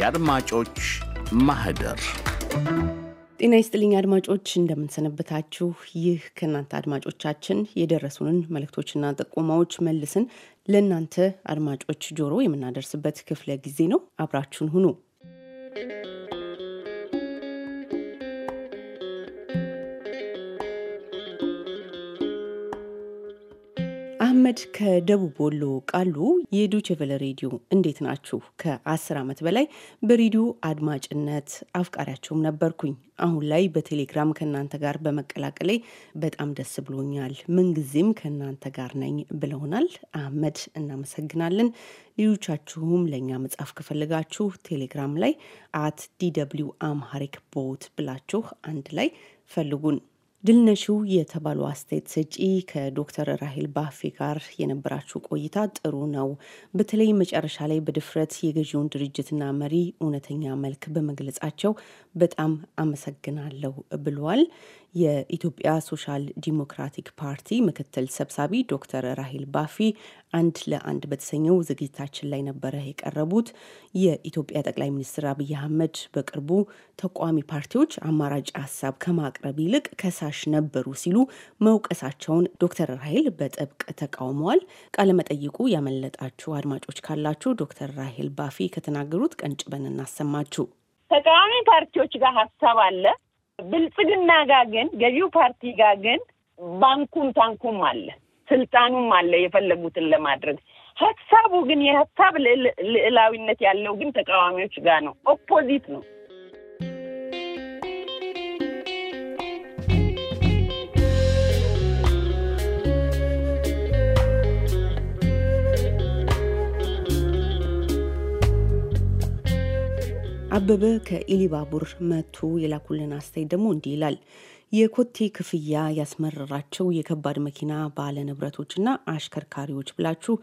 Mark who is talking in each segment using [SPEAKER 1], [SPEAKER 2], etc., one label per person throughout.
[SPEAKER 1] የአድማጮች ማህደር ጤና ይስጥልኝ አድማጮች፣ እንደምንሰነበታችሁ። ይህ ከእናንተ አድማጮቻችን የደረሱንን መልእክቶችና ጥቆማዎች መልስን ለእናንተ አድማጮች ጆሮ የምናደርስበት ክፍለ ጊዜ ነው። አብራችሁን ሁኑ።
[SPEAKER 2] አህመድ ከደቡብ
[SPEAKER 1] ወሎ ቃሉ የዶችቨለ ሬዲዮ እንዴት ናችሁ? ከአስር ዓመት በላይ በሬዲዮ አድማጭነት አፍቃሪያችሁም ነበርኩኝ። አሁን ላይ በቴሌግራም ከእናንተ ጋር በመቀላቀሌ በጣም ደስ ብሎኛል። ምንጊዜም ከእናንተ ጋር ነኝ ብለውናል አህመድ፣ እናመሰግናለን። ሌሎቻችሁም ለእኛ መጻፍ ከፈልጋችሁ ቴሌግራም ላይ አት ዲ ደብልዩ አምሃሪክ ቦት ብላችሁ አንድ ላይ ፈልጉን። ድልነሹ የተባሉ አስተያየት ሰጪ ከዶክተር ራሄል ባፌ ጋር የነበራችሁ ቆይታ ጥሩ ነው። በተለይ መጨረሻ ላይ በድፍረት የገዢውን ድርጅትና መሪ እውነተኛ መልክ በመግለጻቸው በጣም አመሰግናለሁ ብለዋል። የኢትዮጵያ ሶሻል ዲሞክራቲክ ፓርቲ ምክትል ሰብሳቢ ዶክተር ራሂል ባፊ አንድ ለአንድ በተሰኘው ዝግጅታችን ላይ ነበረ የቀረቡት። የኢትዮጵያ ጠቅላይ ሚኒስትር አብይ አህመድ በቅርቡ ተቋሚ ፓርቲዎች አማራጭ ሀሳብ ከማቅረብ ይልቅ ከሳሽ ነበሩ ሲሉ መውቀሳቸውን ዶክተር ራሂል በጥብቅ ተቃውመዋል። ቃለመጠይቁ ያመለጣችሁ አድማጮች ካላችሁ ዶክተር ራሄል ባፊ ከተናገሩት ቀንጭበን እናሰማችሁ።
[SPEAKER 2] ተቃዋሚ ፓርቲዎች ጋር ሀሳብ አለ ብልጽግና ጋር ግን ገዢው ፓርቲ ጋር ግን ባንኩም ታንኩም አለ፣ ስልጣኑም አለ የፈለጉትን ለማድረግ። ሀሳቡ ግን የሀሳብ ልዕላዊነት ያለው ግን ተቃዋሚዎች ጋር ነው። ኦፖዚት ነው።
[SPEAKER 1] አበበ ከኢሊባቡር መቱ የላኩልን አስተያየት ደግሞ እንዲህ ይላል። የኮቴ ክፍያ ያስመረራቸው የከባድ መኪና ባለ ንብረቶችና አሽከርካሪዎች ብላችሁ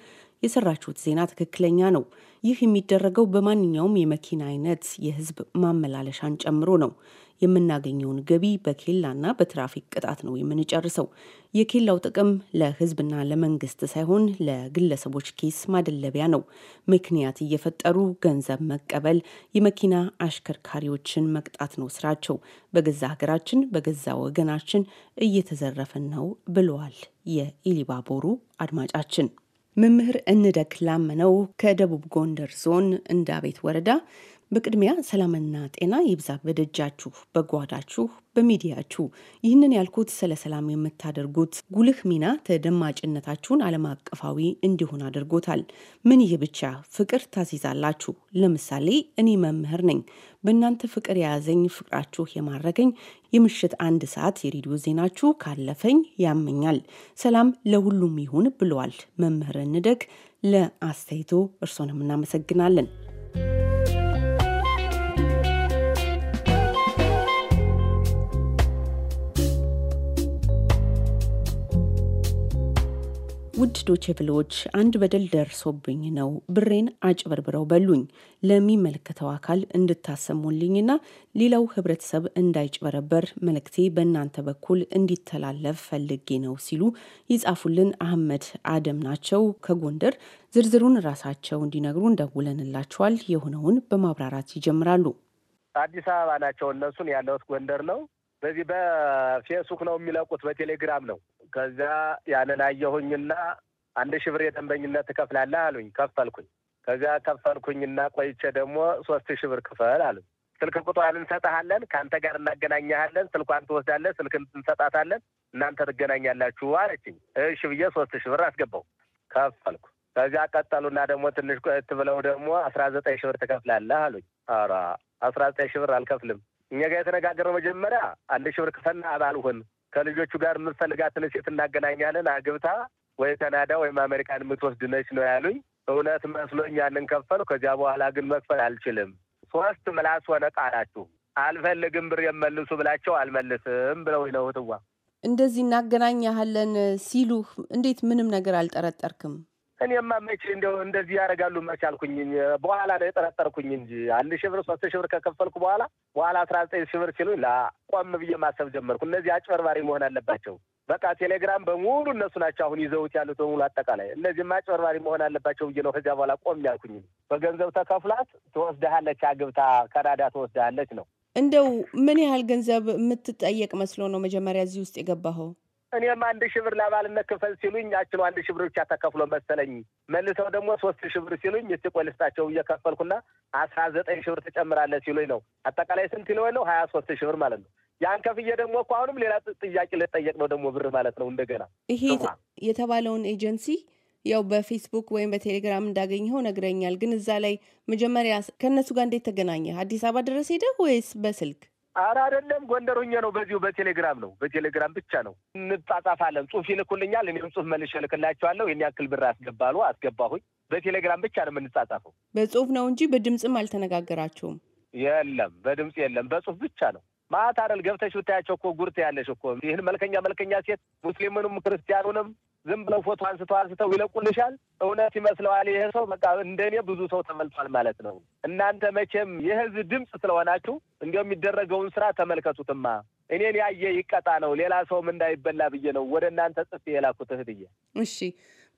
[SPEAKER 1] የሰራችሁት ዜና ትክክለኛ ነው። ይህ የሚደረገው በማንኛውም የመኪና አይነት የህዝብ ማመላለሻን ጨምሮ ነው። የምናገኘውን ገቢ በኬላና በትራፊክ ቅጣት ነው የምንጨርሰው። የኬላው ጥቅም ለህዝብና ለመንግስት ሳይሆን ለግለሰቦች ኪስ ማደለቢያ ነው። ምክንያት እየፈጠሩ ገንዘብ መቀበል፣ የመኪና አሽከርካሪዎችን መቅጣት ነው ስራቸው። በገዛ ሀገራችን፣ በገዛ ወገናችን እየተዘረፈን ነው ብለዋል የኢሊባቦሩ አድማጫችን። መምህር እንደግ ላመነው ከደቡብ ጎንደር ዞን እንዳቤት ወረዳ በቅድሚያ ሰላምና ጤና ይብዛ በደጃችሁ፣ በጓዳችሁ፣ በሚዲያችሁ። ይህንን ያልኩት ስለ ሰላም የምታደርጉት ጉልህ ሚና ተደማጭነታችሁን ዓለም አቀፋዊ እንዲሆን አድርጎታል። ምን ይህ ብቻ ፍቅር ታስይዛላችሁ። ለምሳሌ እኔ መምህር ነኝ። በእናንተ ፍቅር የያዘኝ ፍቅራችሁ የማረገኝ የምሽት አንድ ሰዓት የሬዲዮ ዜናችሁ ካለፈኝ ያመኛል። ሰላም ለሁሉም ይሁን ብለዋል መምህር እንደግ። ለአስተያየቶ እርስዎንም እናመሰግናለን። ውድ ዶቼቭሎች አንድ በደል ደርሶብኝ ነው። ብሬን አጭበርብረው በሉኝ። ለሚመለከተው አካል እንድታሰሙልኝና ሌላው ህብረተሰብ እንዳይጭበረበር መልእክቴ በእናንተ በኩል እንዲተላለፍ ፈልጌ ነው ሲሉ ይጻፉልን አህመድ አደም ናቸው ከጎንደር። ዝርዝሩን ራሳቸው እንዲነግሩ እንደውለንላቸዋል የሆነውን በማብራራት ይጀምራሉ።
[SPEAKER 3] አዲስ አበባ ናቸው እነሱን ያለሁት ጎንደር ነው። በዚህ በፌስቡክ ነው የሚለቁት፣ በቴሌግራም ነው ከዛ ያንን አየሁኝና አንድ ሺህ ብር የደንበኝነት ትከፍላለህ አሉኝ። ከፈልኩኝ። ከዚያ ከፈልኩኝና ቆይቼ ደግሞ ሶስት ሺህ ብር ክፈል አሉኝ። ስልክ ቁጥሯን እንሰጥሃለን፣ ከአንተ ጋር እናገናኘሃለን፣ ስልኳን ትወስዳለህ፣ ስልክ እንሰጣታለን፣ እናንተ ትገናኛላችሁ አለችኝ። እሺ ብዬ ሶስት ሺህ ብር አስገባው ከፈልኩ። ከዚያ ቀጠሉና ደግሞ ትንሽ ቆየት ብለው ደግሞ አስራ ዘጠኝ ሺህ ብር ትከፍላለህ አሉኝ። ኧረ አስራ ዘጠኝ ሺህ ብር አልከፍልም። እኛ ጋር የተነጋገረው መጀመሪያ አንድ ሺህ ብር ክፈልና አባል ሁን ከልጆቹ ጋር የምንፈልጋትን ሴት እናገናኛለን። አግብታ ወይ ካናዳ ወይም አሜሪካን የምትወስድ ነች ነው ያሉኝ። እውነት መስሎኝ ያንን ከፈሉ። ከዚያ በኋላ ግን መክፈል አልችልም። ሶስት ምላስ ሆነ ቃላችሁ። አልፈልግም ብር የመልሱ ብላቸው አልመልስም ብለው ነው ትዋ
[SPEAKER 2] እንደዚህ እናገናኛለን ሲሉህ እንዴት ምንም ነገር አልጠረጠርክም?
[SPEAKER 3] እኔማ መቼ እንደው እንደዚህ ያደርጋሉ አልኩኝ። በኋላ ነው የጠረጠርኩኝ እንጂ አንድ ሺህ ብር ሶስት ሺህ ብር ከከፈልኩ በኋላ በኋላ አስራ ዘጠኝ ሺህ ብር ሲሉኝ ላ ቆም ብዬ ማሰብ ጀመርኩ። እነዚህ አጭበርባሪ መሆን አለባቸው። በቃ ቴሌግራም በሙሉ እነሱ ናቸው አሁን ይዘውት ያሉት በሙሉ አጠቃላይ እነዚህም አጭበርባሪ መሆን አለባቸው ብዬ ነው ከዚያ በኋላ ቆም ያልኩኝ። በገንዘብ ተከፍላት ትወስደሃለች፣ አግብታ ካናዳ ትወስደሃለች
[SPEAKER 2] ነው። እንደው ምን ያህል ገንዘብ የምትጠየቅ መስሎ ነው መጀመሪያ እዚህ ውስጥ የገባኸው?
[SPEAKER 3] እኔም አንድ ሺህ ብር ለአባልነት ክፈል ሲሉኝ አችሉ አንድ ሺህ ብር ብቻ ተከፍሎ መሰለኝ መልሰው ደግሞ ሶስት ሺህ ብር ሲሉኝ እስቲ ቆይ ልስጣቸው እየከፈልኩና አስራ ዘጠኝ ሺህ ብር ትጨምራለህ ሲሉኝ ነው አጠቃላይ ስንት ይለወ ነው ሀያ ሶስት ሺህ ብር ማለት ነው። ያን ከፍዬ ደግሞ እኮ አሁንም ሌላ ጥያቄ ልጠየቅ ነው ደግሞ ብር ማለት ነው እንደገና
[SPEAKER 2] ይሄ የተባለውን ኤጀንሲ ያው በፌስቡክ ወይም በቴሌግራም እንዳገኘኸው ነግረኛል። ግን እዛ ላይ መጀመሪያ ከእነሱ ጋር እንዴት ተገናኘህ? አዲስ አበባ ድረስ ሄደህ ወይስ በስልክ?
[SPEAKER 3] አረ አይደለም፣ ጎንደር ሁኜ ነው። በዚሁ በቴሌግራም ነው፣ በቴሌግራም ብቻ ነው እንጻጻፋለን። ጽሁፍ ይልኩልኛል፣ እኔም ጽሁፍ መልሼ እልክላቸዋለሁ። ይህን ያክል ብር አስገባሉ፣ አስገባሁኝ። በቴሌግራም ብቻ ነው የምንጻጻፈው።
[SPEAKER 2] በጽሁፍ ነው እንጂ በድምፅም አልተነጋገራችሁም?
[SPEAKER 3] የለም፣ በድምፅ የለም፣ በጽሁፍ ብቻ ነው። ማታ አይደል ገብተሽ ብታያቸው እኮ ጉርት ያለሽ እኮ ይህን መልከኛ መልከኛ ሴት ሙስሊምንም ክርስቲያኑንም ዝም ብለው ፎቶ አንስተው አንስተው ይለቁልሻል። እውነት ይመስለዋል ይሄ ሰው በቃ እንደኔ ብዙ ሰው ተመልቷል ማለት ነው። እናንተ መቼም የህዝብ ድምፅ ስለሆናችሁ እንዲያው የሚደረገውን ስራ ተመልከቱትማ። እኔን ያየ ይቀጣ ነው፣ ሌላ ሰውም እንዳይበላ ብዬ ነው ወደ እናንተ ጽፍ የላኩት እህትዬ።
[SPEAKER 2] እሺ፣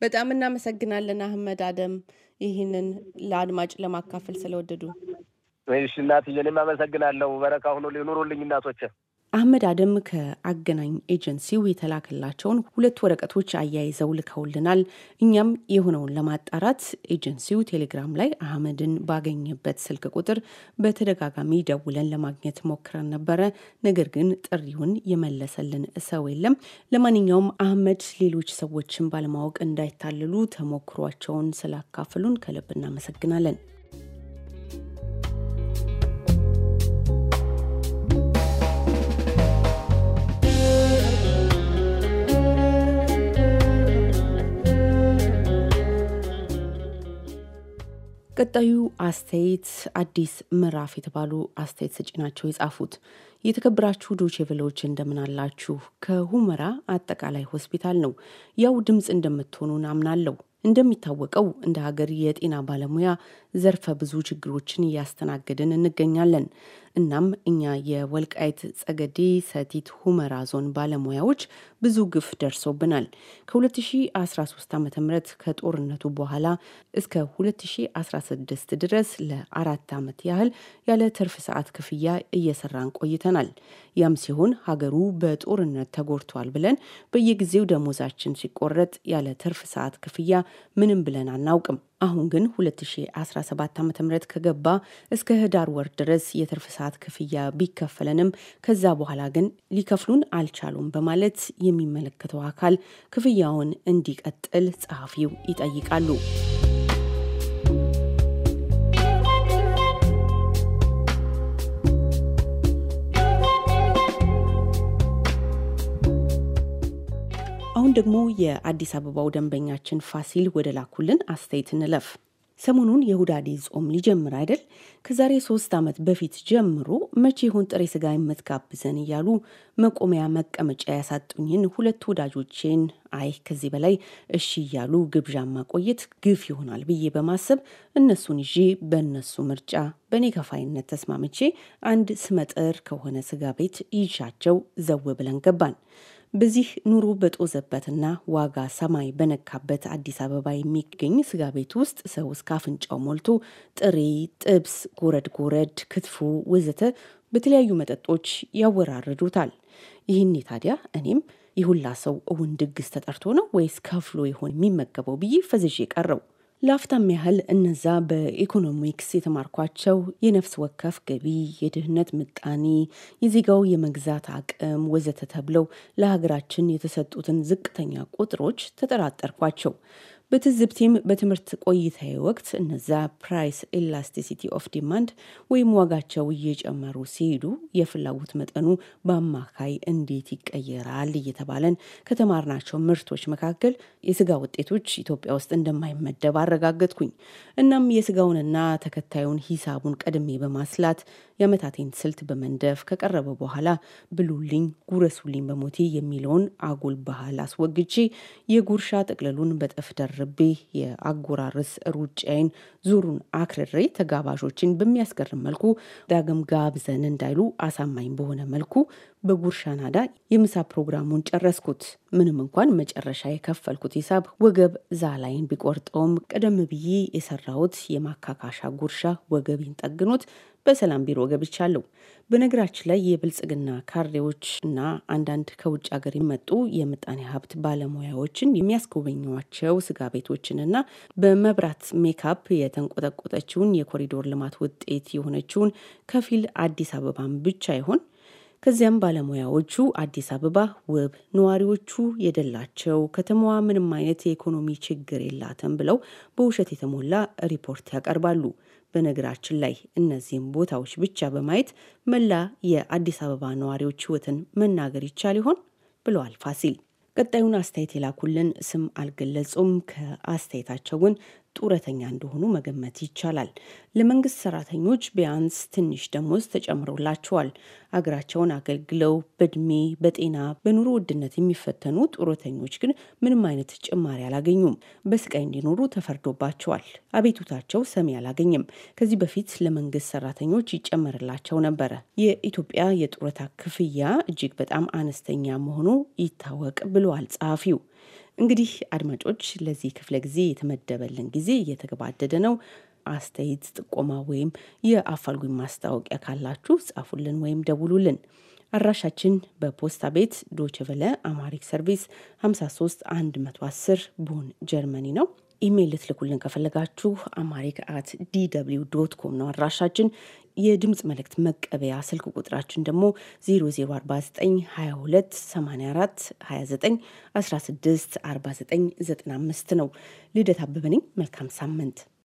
[SPEAKER 2] በጣም እናመሰግናለን አህመድ አደም፣ ይህንን ለአድማጭ ለማካፈል ስለወደዱ
[SPEAKER 3] እሺ እናትዬ፣ እኔም አመሰግናለሁ። በረካ ሁኑ ኑሩልኝ እናቶች።
[SPEAKER 2] አህመድ
[SPEAKER 1] አደም ከአገናኝ ኤጀንሲው የተላከላቸውን ሁለት ወረቀቶች አያይዘው ልከውልናል። እኛም የሆነውን ለማጣራት ኤጀንሲው ቴሌግራም ላይ አህመድን ባገኘበት ስልክ ቁጥር በተደጋጋሚ ደውለን ለማግኘት ሞክረን ነበረ። ነገር ግን ጥሪውን የመለሰልን ሰው የለም። ለማንኛውም አህመድ ሌሎች ሰዎችን ባለማወቅ እንዳይታልሉ ተሞክሯቸውን ስላካፍሉን ከልብ እናመሰግናለን። ቀጣዩ አስተያየት አዲስ ምዕራፍ የተባሉ አስተያየት ሰጪ ናቸው የጻፉት። የተከበራችሁ ዶቼቬሎች እንደምን አላችሁ? ከሁመራ አጠቃላይ ሆስፒታል ነው። ያው ድምፅ እንደምትሆኑ አምናለሁ። እንደሚታወቀው እንደ ሀገር የጤና ባለሙያ ዘርፈ ብዙ ችግሮችን እያስተናገድን እንገኛለን። እናም እኛ የወልቃይት ጸገዴ ሰቲት ሁመራ ዞን ባለሙያዎች ብዙ ግፍ ደርሶብናል። ከ2013 ዓ ም ከጦርነቱ በኋላ እስከ 2016 ድረስ ለአራት ዓመት ያህል ያለ ትርፍ ሰዓት ክፍያ እየሰራን ቆይተናል። ያም ሲሆን ሀገሩ በጦርነት ተጎድቷል ብለን በየጊዜው ደሞዛችን ሲቆረጥ ያለ ትርፍ ሰዓት ክፍያ ምንም ብለን አናውቅም። አሁን ግን 2017 .ም ከገባ እስከ ህዳር ወር ድረስ የትርፍ ሰዓት ክፍያ ቢከፈለንም ከዛ በኋላ ግን ሊከፍሉን አልቻሉም በማለት የሚመለከተው አካል ክፍያውን እንዲቀጥል ጸሐፊው ይጠይቃሉ። ደግሞ የአዲስ አበባው ደንበኛችን ፋሲል ወደ ላኩልን አስተያየት እንለፍ። ሰሞኑን የሁዳዴ ጾም ሊጀምር አይደል? ከዛሬ ሶስት ዓመት በፊት ጀምሮ መቼ ይሆን ጥሬ ስጋ የምትጋብዘን እያሉ መቆሚያ መቀመጫ ያሳጡኝን ሁለት ወዳጆቼን አይ ከዚህ በላይ እሺ እያሉ ግብዣ ማቆየት ግፍ ይሆናል ብዬ በማሰብ እነሱን ይዤ በእነሱ ምርጫ በእኔ ከፋይነት ተስማምቼ አንድ ስመጥር ከሆነ ስጋ ቤት ይዣቸው ዘው ብለን ገባን። በዚህ ኑሮ በጦዘበትና ዋጋ ሰማይ በነካበት አዲስ አበባ የሚገኝ ስጋ ቤት ውስጥ ሰው እስከ አፍንጫው ሞልቶ ጥሬ፣ ጥብስ፣ ጎረድ ጎረድ፣ ክትፎ ወዘተ በተለያዩ መጠጦች ያወራርዱታል። ይህኔ ታዲያ እኔም የሁላ ሰው እውን ድግስ ተጠርቶ ነው ወይስ ከፍሎ ይሆን የሚመገበው ብዬ ፈዝዤ ቀረው። ለአፍታም ያህል እነዛ በኢኮኖሚክስ የተማርኳቸው የነፍስ ወከፍ ገቢ፣ የድህነት ምጣኔ፣ የዜጋው የመግዛት አቅም ወዘተ ተብለው ለሀገራችን የተሰጡትን ዝቅተኛ ቁጥሮች ተጠራጠርኳቸው። በትዝብቲም በትምህርት ቆይታዬ ወቅት እነዛ ፕራይስ ኤላስቲሲቲ ኦፍ ዲማንድ ወይም ዋጋቸው እየጨመሩ ሲሄዱ የፍላጎት መጠኑ በአማካይ እንዴት ይቀየራል እየተባለን ከተማርናቸው ምርቶች መካከል የስጋ ውጤቶች ኢትዮጵያ ውስጥ እንደማይመደብ አረጋገጥኩኝ። እናም የስጋውንና ተከታዩን ሂሳቡን ቀድሜ በማስላት የአመታቴን ስልት በመንደፍ ከቀረበ በኋላ ብሉልኝ፣ ጉረሱልኝ በሞቴ የሚለውን አጉል ባህል አስወግቼ የጉርሻ ጥቅልሉን በጠፍ ደራርቤ የአጎራርስ ሩጫዬን ዙሩን አክርሬ ተጋባዦችን በሚያስገርም መልኩ ዳግም ጋብዘን እንዳይሉ አሳማኝ በሆነ መልኩ በጉርሻ ናዳ የምሳ ፕሮግራሙን ጨረስኩት። ምንም እንኳን መጨረሻ የከፈልኩት ሂሳብ ወገብ ዛላይን ቢቆርጠውም ቀደም ብዬ የሰራሁት የማካካሻ ጉርሻ ወገብ ጠግኖት በሰላም ቢሮ ገብቻለሁ። በነገራችን ላይ የብልጽግና ካሬዎች እና አንዳንድ ከውጭ ሀገር የመጡ የምጣኔ ሀብት ባለሙያዎችን የሚያስጎበኟቸው ስጋ ቤቶችንና በመብራት ሜካፕ የተንቆጠቆጠችውን የኮሪዶር ልማት ውጤት የሆነችውን ከፊል አዲስ አበባን ብቻ ይሆን ከዚያም ባለሙያዎቹ አዲስ አበባ ውብ፣ ነዋሪዎቹ የደላቸው፣ ከተማዋ ምንም አይነት የኢኮኖሚ ችግር የላትም ብለው በውሸት የተሞላ ሪፖርት ያቀርባሉ። በነገራችን ላይ እነዚህም ቦታዎች ብቻ በማየት መላ የአዲስ አበባ ነዋሪዎች ሕይወትን መናገር ይቻል ይሆን ብለዋል ፋሲል። ቀጣዩን አስተያየት የላኩልን ስም አልገለጹም። ከአስተያየታቸው ግን ጡረተኛ እንደሆኑ መገመት ይቻላል። ለመንግስት ሰራተኞች ቢያንስ ትንሽ ደሞዝ ተጨምሮላቸዋል። አገራቸውን አገልግለው በእድሜ በጤና በኑሮ ውድነት የሚፈተኑ ጡረተኞች ግን ምንም አይነት ጭማሪ አላገኙም። በስቃይ እንዲኖሩ ተፈርዶባቸዋል። አቤቱታቸው ሰሚ አላገኝም። ከዚህ በፊት ለመንግስት ሰራተኞች ይጨመርላቸው ነበረ። የኢትዮጵያ የጡረታ ክፍያ እጅግ በጣም አነስተኛ መሆኑ ይታወቅ ብለዋል ጸሐፊው። እንግዲህ አድማጮች ለዚህ ክፍለ ጊዜ የተመደበልን ጊዜ እየተገባደደ ነው። አስተያየት፣ ጥቆማ ወይም የአፋልጉኝ ማስታወቂያ ካላችሁ ጻፉልን ወይም ደውሉልን። አድራሻችን በፖስታ ቤት ዶችቨለ አማሪክ ሰርቪስ 53 110 ቦን ጀርመኒ ነው። ኢሜይል ልትልኩልን ከፈለጋችሁ አማሪክ አት ዲ ደብልዩ ዶት ኮም ነው አድራሻችን። የድምፅ መልእክት መቀበያ ስልክ ቁጥራችን ደግሞ 0049228429164995 ነው። ልደት አበበ ነኝ። መልካም ሳምንት።